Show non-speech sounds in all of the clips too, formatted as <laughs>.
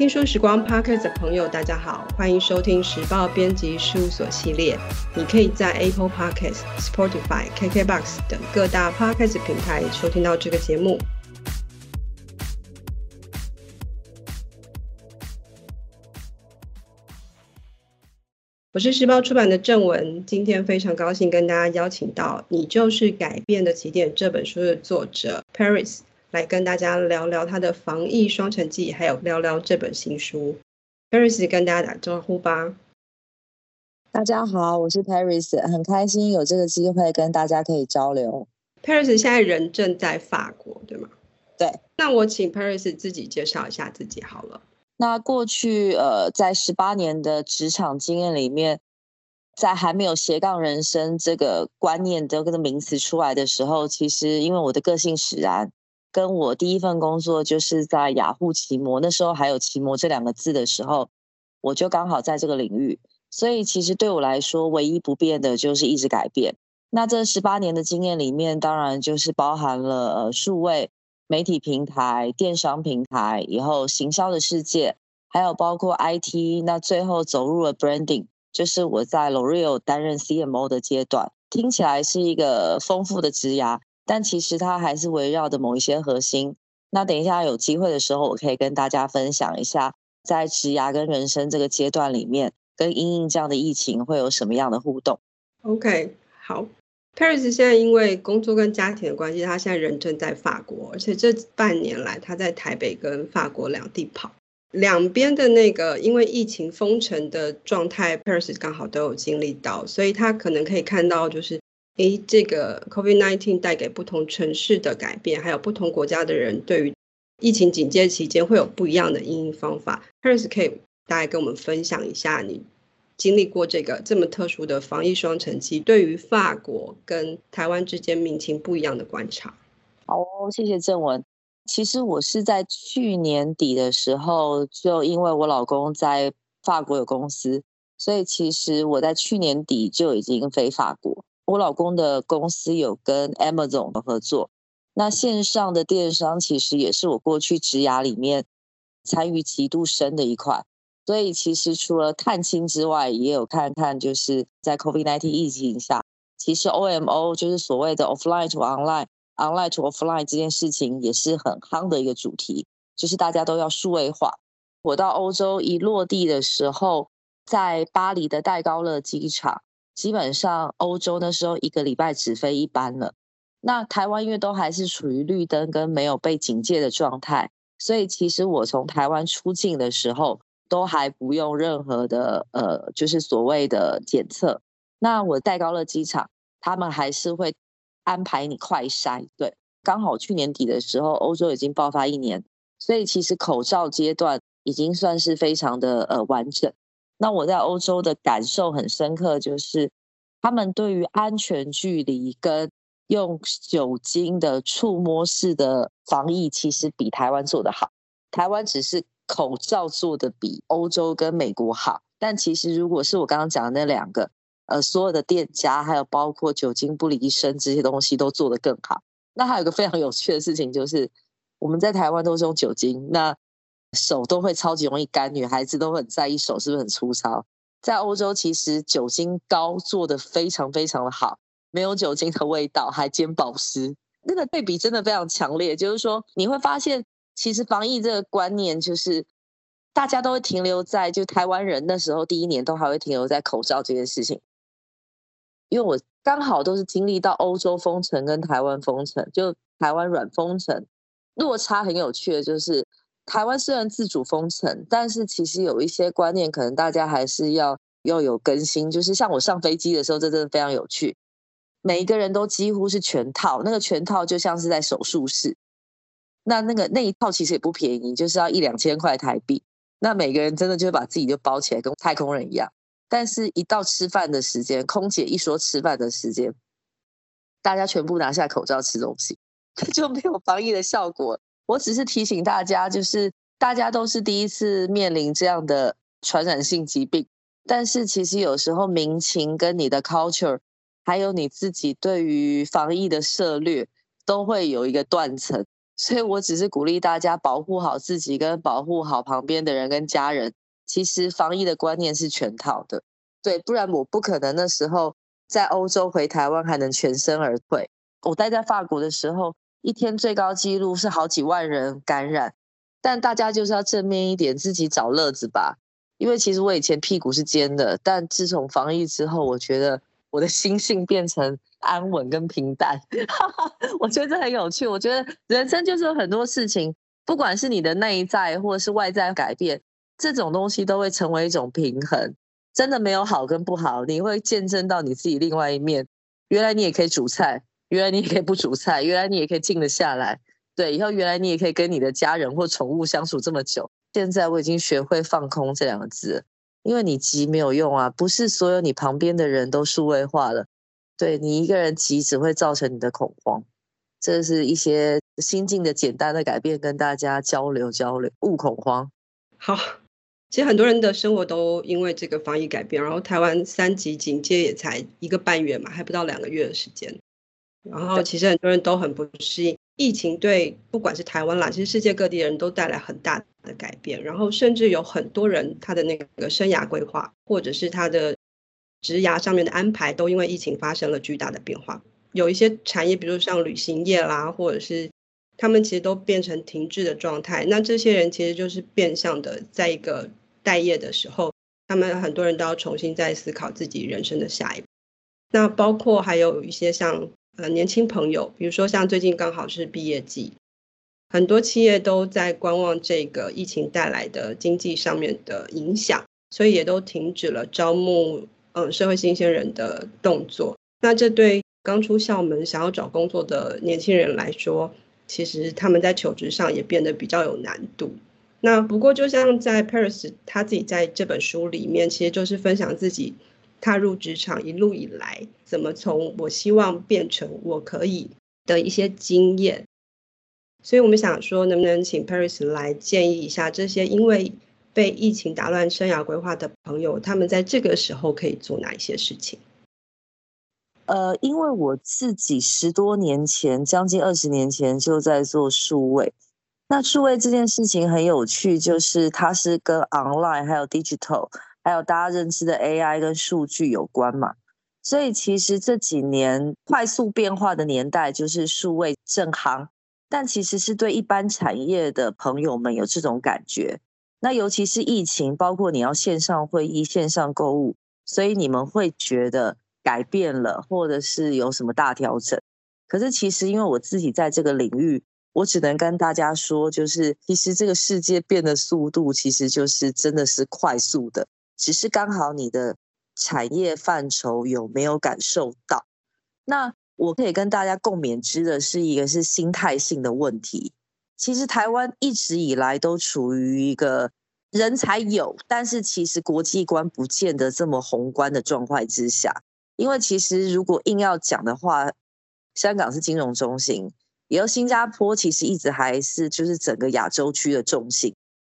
聽書時光 Podcast 的朋友，大家好，歡迎收聽《時報編輯事務所》系列。你可以在 Apple Podcasts、Spotify、KKBox 等各大 Podcast 平台收聽到這個節目。我是時報出版的正文，今天非常高興跟大家邀請到《你就是改變的起點》這本書的作者 Paris。來跟大家聊聊他的防疫雙城記，還有聊聊這本新書。Paris 跟大家打招呼吧。大家好，我是 Paris，很開心有這個機會跟大家可以交流。Paris 現在人正在法國，對嗎？對。那我請 Paris 自己介紹一下自己好了。那過去呃，在十八年的職場經驗裡面，在還沒有“斜槓人生”這個觀念這個名詞出來的時候，其實因為我的個性使然。跟我第一份工作就是在雅虎奇摩，那時候還有奇摩這兩個字的時候，我就剛好在這個領域，所以其實對我來說，唯一不變的就是一直改變。那這十八年的經驗裡面，當然就是包含了呃，數位媒體平台、電商平台，以後行銷的世界，還有包括 IT，那最後走入了 branding，就是我在 L'Oréal 擔任 CMO 的階段，聽起來是一個豐富的職涯。但其實它還是圍繞着某一些核心。那等一下有機會的時候，我可以跟大家分享一下，在職涯跟人生這個階段裡面，跟因應這樣的疫情會有什麼樣的互動。OK，好，Paris 現在因為工作跟家庭的關係，他現在人正在法國，而且這半年來他在台北跟法國兩地跑，兩邊的那個因為疫情封城的狀態，Paris 剛好都有經歷到，所以他可能可以看到就是。誒，這個 COVID-19 帶給不同城市的改變，還有不同國家的人對於疫情警戒期間會有不一樣的因應方法。Paris，嗯，可以大概跟我們分享一下你經歷過這個這麼特殊的防疫雙城記，對於法國跟台灣之間民情不一樣的觀察。好，謝謝鄭文。其實我是在去年底的時候，就因為我老公在法國有公司，所以其實我在去年底就已經飛法國。我老公的公司有跟 Amazon 的合作，那線上的電商其實也是我過去職涯裡面參與極度深的一塊，所以其實除了探親之外，也有看看就是在 COVID-19 疫情下，其實 OMO 就是所謂的 Offline to Online、Online to Offline 這件事情也是很夯的一個主題，就是大家都要數位化。我到歐洲一落地的時候，在巴黎的戴高樂機場。基本上，歐洲那時候一個禮拜只飛一班了。那台灣因為都還是處於綠燈跟沒有被警戒的狀態，所以其實我從台灣出境的時候，都還不用任何的呃，就是所謂的檢測。那我戴高樂機場，他們還是會安排你快篩。對，剛好去年底的時候，歐洲已經爆發一年，所以其實口罩階段已經算是非常的呃完整。那我在歐洲的感受很深刻，就是他們對於安全距離跟用酒精的觸摸式的防疫，其實比台灣做得好。台灣只是口罩做得比歐洲跟美國好，但其實如果是我剛剛講的那兩個，呃，所有的店家還有包括酒精不離身這些東西都做得更好。那還有一個非常有趣的事情就是，我們在台灣都是用酒精，那，手都會超級容易乾，女孩子都很在意手是不是很粗糙。在歐洲其實酒精膏做的非常非常的好，沒有酒精的味道，還兼保濕。那個對比真的非常強烈，就是說你會發現，其實防疫這個觀念就是大家都會停留在就台灣人那時候第一年都還會停留在口罩這件事情。因為我剛好都是經歷到歐洲封城跟台灣封城，就台灣軟封城，落差很有趣的就是。台灣雖然自主封城，但是其實有一些觀念，可能大家還是要要有更新。就是像我上飛機的時候，這真的非常有趣，每一個人都幾乎是全套，那個全套就像是在手術室。那那個那一套其實也不便宜，就是要一兩千塊台幣。那每個人真的就把自己就包起來，跟太空人一樣。但是，一到吃飯的時間，空姐一說吃飯的時間，大家全部拿下口罩吃東西，這就沒有防疫的效果。我只是提醒大家，就是大家都是第一次面臨這樣的傳染性疾病，但是其實有時候民情跟你的 culture，還有你自己對於防疫的策略，都會有一個斷層，所以我只是鼓勵大家保護好自己，跟保護好旁邊的人跟家人。其實防疫的觀念是全套的，對，不然我不可能那時候在歐洲回台灣還能全身而退。我待在法國的時候。一天最高紀錄是好幾萬人感染，但大家就是要正面一點，自己找樂子吧。因為其實我以前屁股是尖的，但自從防疫之後，我覺得我的心性變成安穩跟平淡， <laughs> 我覺得這很有趣。我覺得人生就是有很多事情，不管是你的內在或者是外在改變，這種東西都會成為一種平衡。真的沒有好跟不好，你會見證到你自己另外一面。原來你也可以煮菜。原來你也可以不煮菜，原來你也可以靜得下來，對，以後原來你也可以跟你的家人或寵物相處這麼久。現在我已經學會放空這兩個字，因為你急沒有用啊，不是所有你旁邊的人都數位化了，對，你一個人急只會造成你的恐慌。這是一些心境的簡單的改變，跟大家交流交流，勿恐慌。好，其實很多人的生活都因為這個防疫改變，然後台灣三級警戒也才一個半月嘛，還不到兩個月的時間。然後其實很多人都很不適應疫情，對，不管是台灣啦，其實世界各地的人都帶來很大的改變。然後甚至有很多人他的那個生涯規劃，或者是他的職涯上面的安排，都因為疫情發生了巨大的變化。有一些產業，比如像旅行業啦，或者是他們其實都變成停滯的狀態。那這些人其實就是變相的在一個待業的時候，他們很多人都要重新再思考自己人生的下一步。那包括還有一些像。呃，年輕朋友，比如說像最近剛好是畢業季，很多企業都在觀望這個疫情帶來的經濟上面的影響，所以也都停止了招募嗯社會新鮮人的動作。那這對剛出校門想要找工作的年輕人來說，其實他們在求職上也變得比較有難度。那不過就像在 Paris，他自己在這本書裡面，其實就是分享自己。踏入職場一路以來，怎麼從我希望變成我可以的一些經驗，所以我們想說，能不能請 Paris 來建議一下這些因為被疫情打亂生涯規劃的朋友，他們在這個時候可以做哪一些事情？呃，因為我自己十多年前，將近二十年前就在做數位，那數位這件事情很有趣，就是它是跟 online 還有 digital。還有大家認知的 AI 跟數據有關嘛，所以其實這幾年快速變化的年代就是數位正夯，但其實是對一般產業的朋友們有這種感覺。那尤其是疫情，包括你要線上會議、線上購物，所以你們會覺得改變了，或者是有什麼大調整。可是其實因為我自己在這個領域，我只能跟大家說，就是其實這個世界變的速度，其實就是真的是快速的。只是剛好你的產業範疇有沒有感受到？那我可以跟大家共勉之的是，一個是心態性的問題。其實台灣一直以來都處於一個人才有，但是其實國際觀不見得這麼宏觀的狀況之下。因為其實如果硬要講的話，香港是金融中心，然後新加坡其實一直還是就是整個亞洲區的重心。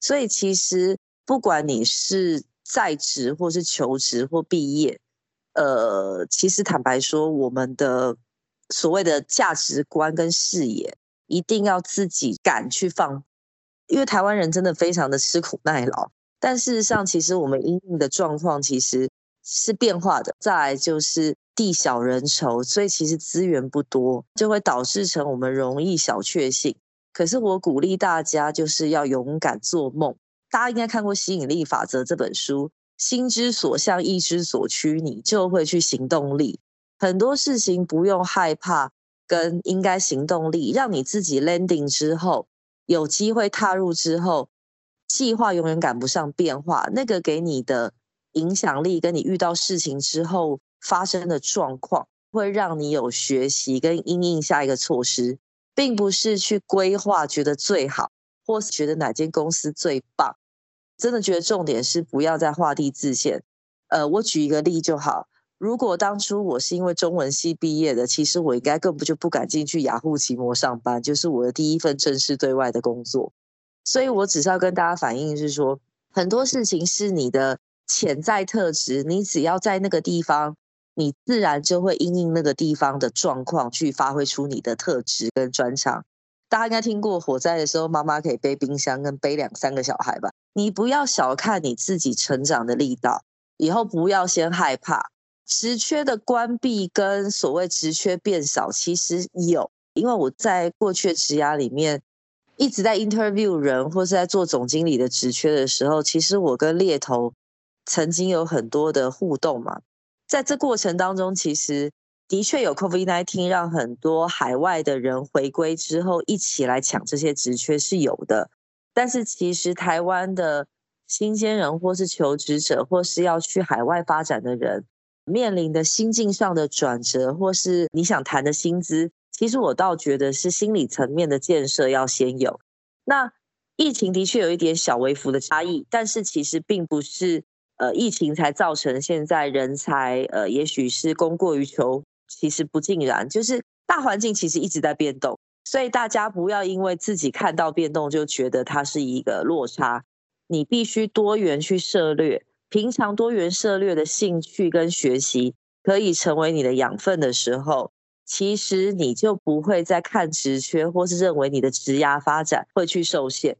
所以其實不管你是在職或是求職或畢業，呃，其實坦白說，我們的所謂的價值觀跟視野，一定要自己敢去放，因為台灣人真的非常的吃苦耐勞。但事實上，其實我們因應的狀況其實是變化的。再來就是地小人稠，所以其實資源不多，就會導致成我們容易小確幸。可是我鼓勵大家，就是要勇敢做夢。大家應該看過《吸引力法則》這本書，心之所向，意之所趨，你就會去行動力。很多事情不用害怕，跟應該行動力，讓你自己 landing 之後，有機會踏入之後，計劃永遠趕不上變化。那個給你的影響力，跟你遇到事情之後發生的狀況，會讓你有學習跟因應下一個措施，並不是去規劃覺得最好，或是覺得哪間公司最棒。真的覺得重點是不要再畫地自限。呃，我舉一個例就好。如果當初我是因為中文系畢業的，其實我應該根本就不敢進去雅虎奇摩上班，就是我的第一份正式對外的工作。所以，我只是要跟大家反映是說，很多事情是你的潛在特質，你只要在那個地方，你自然就會因應那個地方的狀況去發揮出你的特質跟專長。大家應該聽過火災的時候，媽媽可以背冰箱跟背兩三個小孩吧？你不要小看你自己成長的力道，以後不要先害怕職缺的關閉跟所謂職缺變少，其實有，因為我在過去職涯裡面一直在 interview 人或是在做總經理的職缺的時候，其實我跟獵頭曾經有很多的互動嘛，在這過程當中，其實的確有 COVID-19 讓很多海外的人回歸之後一起來搶這些職缺是有的。但是其實台灣的新鮮人，或是求職者，或是要去海外發展的人，面臨的心境上的轉折，或是你想談的薪資，其實我倒覺得是心理層面的建設要先有。那疫情的確有一點小微幅的差異，但是其實並不是呃疫情才造成現在人才呃也許是供過於求，其實不盡然，就是大環境其實一直在變動。所以大家不要因為自己看到變動就覺得它是一個落差，你必須多元去涉獵，平常多元涉獵的興趣跟學習可以成為你的養分的時候，其實你就不會再看職缺或是認為你的職涯發展會去受限。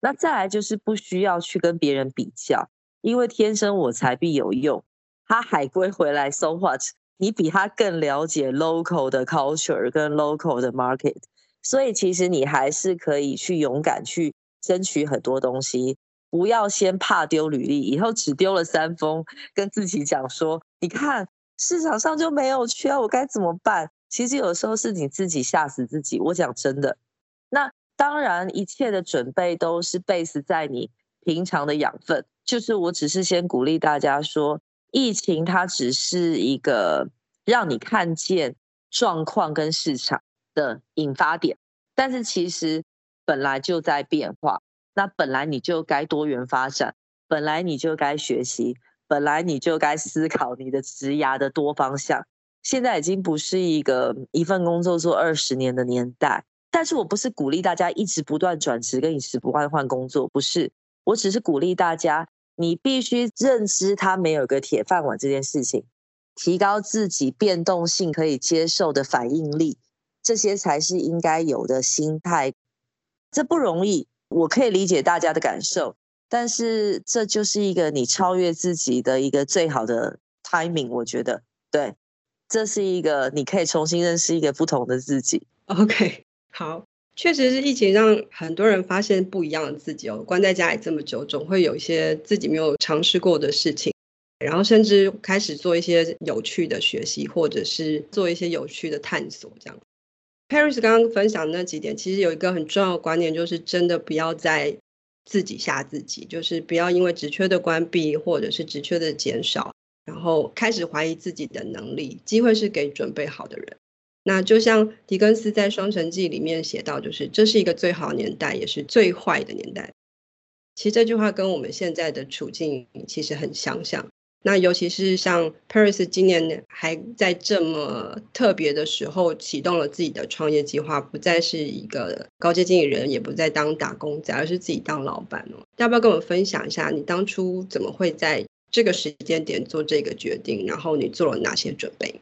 那再來就是不需要去跟別人比較，因為天生我材必有用。他海歸回來，so what？你比他更了解 local 的 culture 跟 local 的 market。所以其實你還是可以去勇敢去爭取很多東西，不要先怕丟履歷，以後只丟了三封，跟自己講說：你看市場上就沒有缺，我該怎麼辦？其實有時候是你自己嚇死自己。我講真的，那當然一切的準備都是 base 在你平常的養分。就是我只是先鼓勵大家說，疫情它只是一個讓你看見狀況跟市場的引發點，但是其實本來就在變化。那本來你就該多元發展，本來你就該學習，本來你就該思考你的職涯的多方向。現在已經不是一個一份工作做二十年的年代。但是我不是鼓勵大家一直不斷轉職跟一直不斷換工作，不是。我只是鼓勵大家，你必須認知他沒有個鐵飯碗這件事情，提高自己變動性可以接受的反應力。這些才是應該有的心態，這不容易。我可以理解大家的感受，但是這就是一個你超越自己的一個最好的 timing。我覺得，對，這是一個你可以重新認識一個不同的自己。OK，好，確實是疫情讓很多人發現不一樣的自己哦。關在家裡這麼久，總會有一些自己沒有嘗試過的事情，然後甚至開始做一些有趣的學習，或者是做一些有趣的探索，這樣。Paris 剛剛分享的那幾點，其實有一個很重要的觀點，就是真的不要再自己嚇自己，就是不要因為職缺的關閉或者是職缺的減少，然後開始懷疑自己的能力。機會是給準備好的人。那就像狄更斯在《雙城記》裡面寫到，就是這是一個最好年代，也是最壞的年代。其實這句話跟我們現在的處境其實很相像。那尤其是像 Paris 今年還在這麼特別的時候啟動了自己的創業計劃，不再是一個高階經理人，也不再當打工仔，而是自己當老闆哦。要不要跟我們分享一下你當初怎麼會在這個時間點做這個決定？然後你做了哪些準備？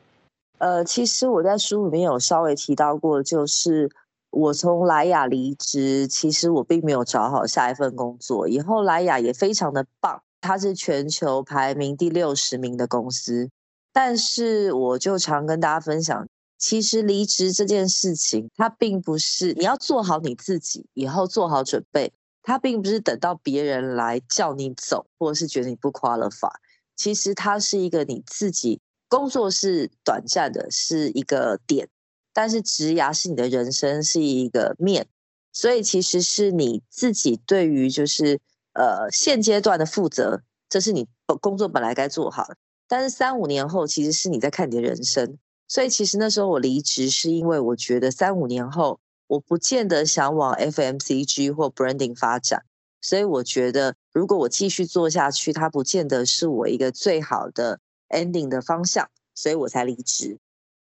呃，其實我在書裡面有稍微提到過，就是我從萊雅離職，其實我並沒有找好下一份工作，以後萊雅也非常的棒。它是全球排名第六十名的公司，但是我就常跟大家分享，其實離職這件事情，它並不是你要做好你自己，以後做好準備，它並不是等到別人來叫你走，或者是覺得你不誇了法，其實它是一個你自己工作是短暫的，是一個點，但是職涯是你的人生，是一個面，所以其實是你自己對於就是。呃，現階段的負責，這是你工作本來該做好的。但是三五年後，其實是你在看你的人生。所以其實那時候我離職，是因為我覺得三五年後，我不見得想往 FMCG 或 Branding 發展。所以我覺得，如果我繼續做下去，它不見得是我一個最好的 ending 的方向。所以我才離職。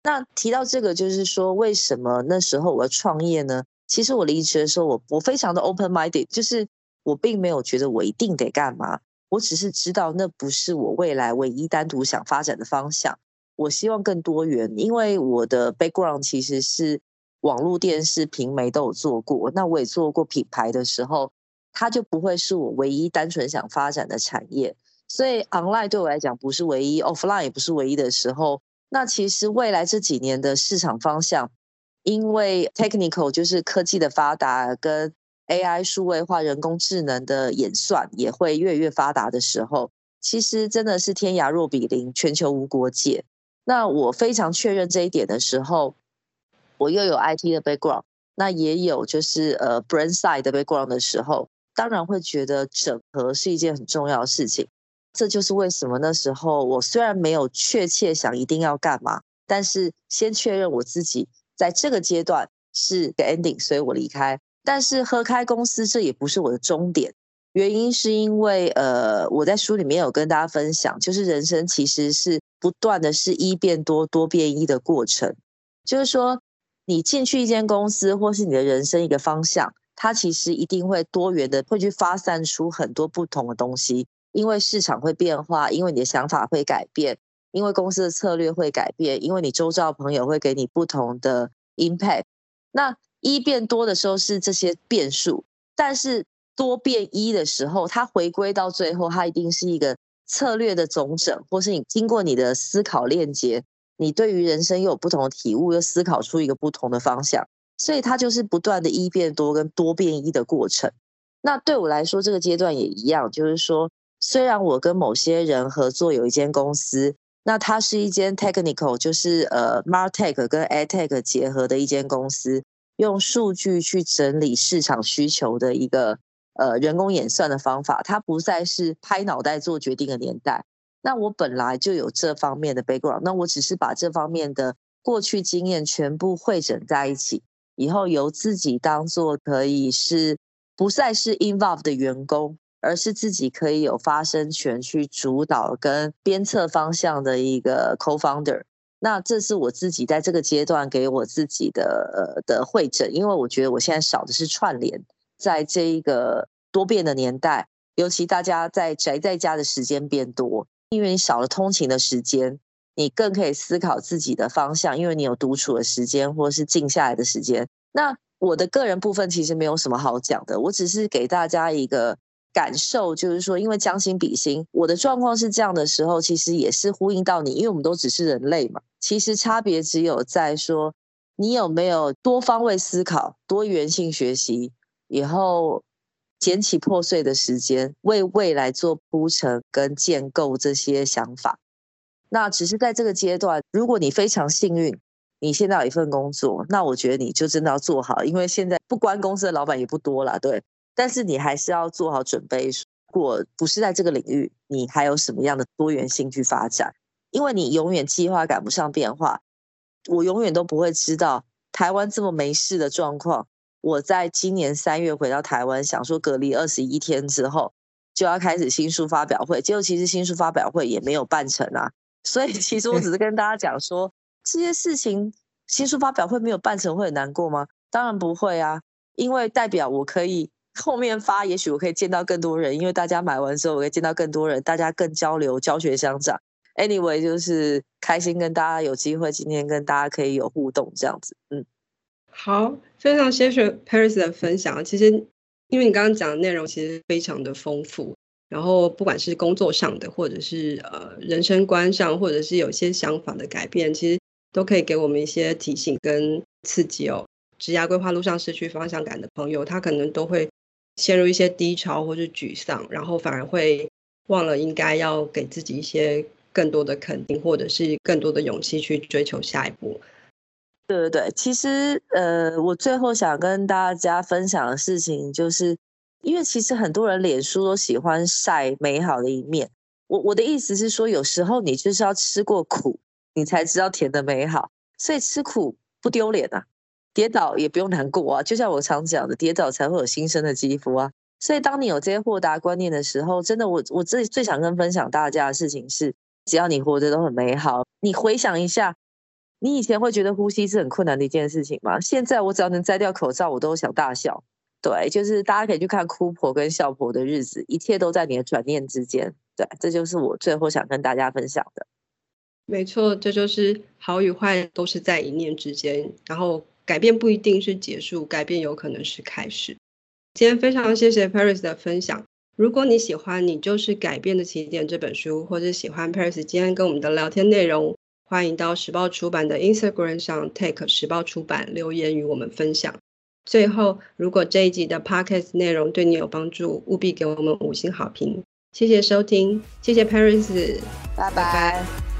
那提到這個，就是說為什麼那時候我要創業呢？其實我離職的時候我，我我非常的 open-minded，就是。我並沒有覺得我一定得幹嘛，我只是知道那不是我未來唯一單獨想發展的方向。我希望更多元，因為我的 background 其實是網絡電視、平媒都有做過，那我也做過品牌的時候，它就不會是我唯一單純想發展的產業。所以 online 對我來講不是唯一，offline 也不是唯一的時候。那其實未來這幾年的市場方向，因為 technical 就是科技的發達跟。AI 數位化、人工智能的演算，也會越來越發達的時候，其實真的是天涯若比鄰，全球無國界。那我非常確認這一點的時候，我又有 IT 的 background，那也有就是呃 brand site 的 background 的時候，當然會覺得整合是一件很重要的事情。這就是為什麼那時候我雖然沒有確切想一定要幹嘛，但是先確認我自己在這個階段是個 ending，所以我離開。但是合開公司這也不是我的終點，原因是因為呃我在書裡面有跟大家分享，就是人生其實是不斷的是一變多，多變一的過程。就是說你進去一間公司，或是你的人生一個方向，它其實一定會多元的，會去發散出很多不同的東西。因為市場會變化，因為你的想法會改變，因為公司的策略會改變，因為你周遭的朋友會給你不同的 impact。那一變多的時候是這些變數，但是多變一的時候，它回歸到最後，它一定是一個策略的總整，或是你經過你的思考鏈接，你對於人生又有不同的體悟，又思考出一個不同的方向，所以它就是不斷的一變多跟多變一的過程。那對我來說，這個階段也一樣，就是說，雖然我跟某些人合作有一間公司，那它是一間 technical，就是呃，MarTech 跟 AdTech 結合的一間公司。用數據去整理市場需求的一個呃人工演算的方法，它不再是拍腦袋做決定的年代。那我本來就有這方面的 background，那我只是把這方面的過去經驗全部匯整在一起，以後由自己當做可以是不再是 involved 的員工，而是自己可以有發聲權去主導跟鞭策方向的一個 co-founder。Founder，那這是我自己在這個階段給我自己的呃的會診，因為我覺得我現在少的是串聯，在這一個多變的年代，尤其大家在宅在家的時間變多，因為你少了通勤的時間，你更可以思考自己的方向，因為你有獨處的時間或者是靜下來的時間。那我的個人部分其實沒有什麼好講的，我只是給大家一個。感受就是說，因為將心比心，我的狀況是這樣的時候，其實也是呼應到你，因為我們都只是人類嘛。其實差別只有在說，你有沒有多方位思考、多元性學習，以後撿起破碎的時間，為未來做鋪陳跟建構這些想法。那只是在這個階段，如果你非常幸運，你現在有一份工作，那我覺得你就真的要做好，因為現在不關公司的老闆也不多了，對。但是你還是要做好準備，如果不是在這個領域，你還有什麼樣的多元性去發展？因為你永遠計劃趕不上變化，我永遠都不會知道台灣這麼沒事的狀況。我在今年三月回到台灣，想說隔離二十一天之後就要開始新書發表會，結果其實新書發表會也沒有辦成啊。所以其實我只是跟大家講說， <laughs> 這些事情新書發表會沒有辦成會很難過嗎？當然不會啊，因為代表我可以。後面發，也許我可以見到更多人，因為大家買完之後，我可以見到更多人，大家更交流、教學相長。Anyway，就是開心跟大家有機會，今天跟大家可以有互動這樣子。嗯，好，非常謝謝 Paris 的分享。其實，因為你剛剛講的內容其實非常的豐富，然後不管是工作上的，或者是呃人生觀上，或者是有些想法的改變，其實都可以給我們一些提醒跟刺激哦。職涯規劃路上失去方向感的朋友，他可能都會。陷入一些低潮或者沮喪，然後反而會忘了應該要給自己一些更多的肯定，或者是更多的勇氣去追求下一步。對對對，其實呃，我最後想跟大家分享的事情，就是因為其實很多人臉書都喜歡曬美好的一面。我我的意思是說，有時候你就是要吃過苦，你才知道甜的美好。所以吃苦不丟臉啊。跌倒也不用難過啊，就像我常講的，跌倒才會有新生的肌膚啊。所以，當你有這些豁達觀念的時候，真的我，我我自己最想跟分享大家的事情是，只要你活着都很美好。你回想一下，你以前會覺得呼吸是很困難的一件事情嗎？現在我只要能摘掉口罩，我都想大笑。對，就是大家可以去看哭婆跟笑婆的日子，一切都在你的轉念之間。對，這就是我最後想跟大家分享的。沒錯，這就是好與壞都是在一念之間，然後。改變不一定是結束，改變有可能是開始。今天非常謝謝 Paris 的分享。如果你喜歡《你就是改變的起點》這本書，或者喜歡 Paris 今天跟我們的聊天內容，歡迎到時報出版的 Instagram 上 take 時報出版留言與我們分享。最後，如果這一集的 Podcast 內容對你有幫助，務必給我們五星好評。謝謝收聽，謝謝 Paris，拜拜。Bye bye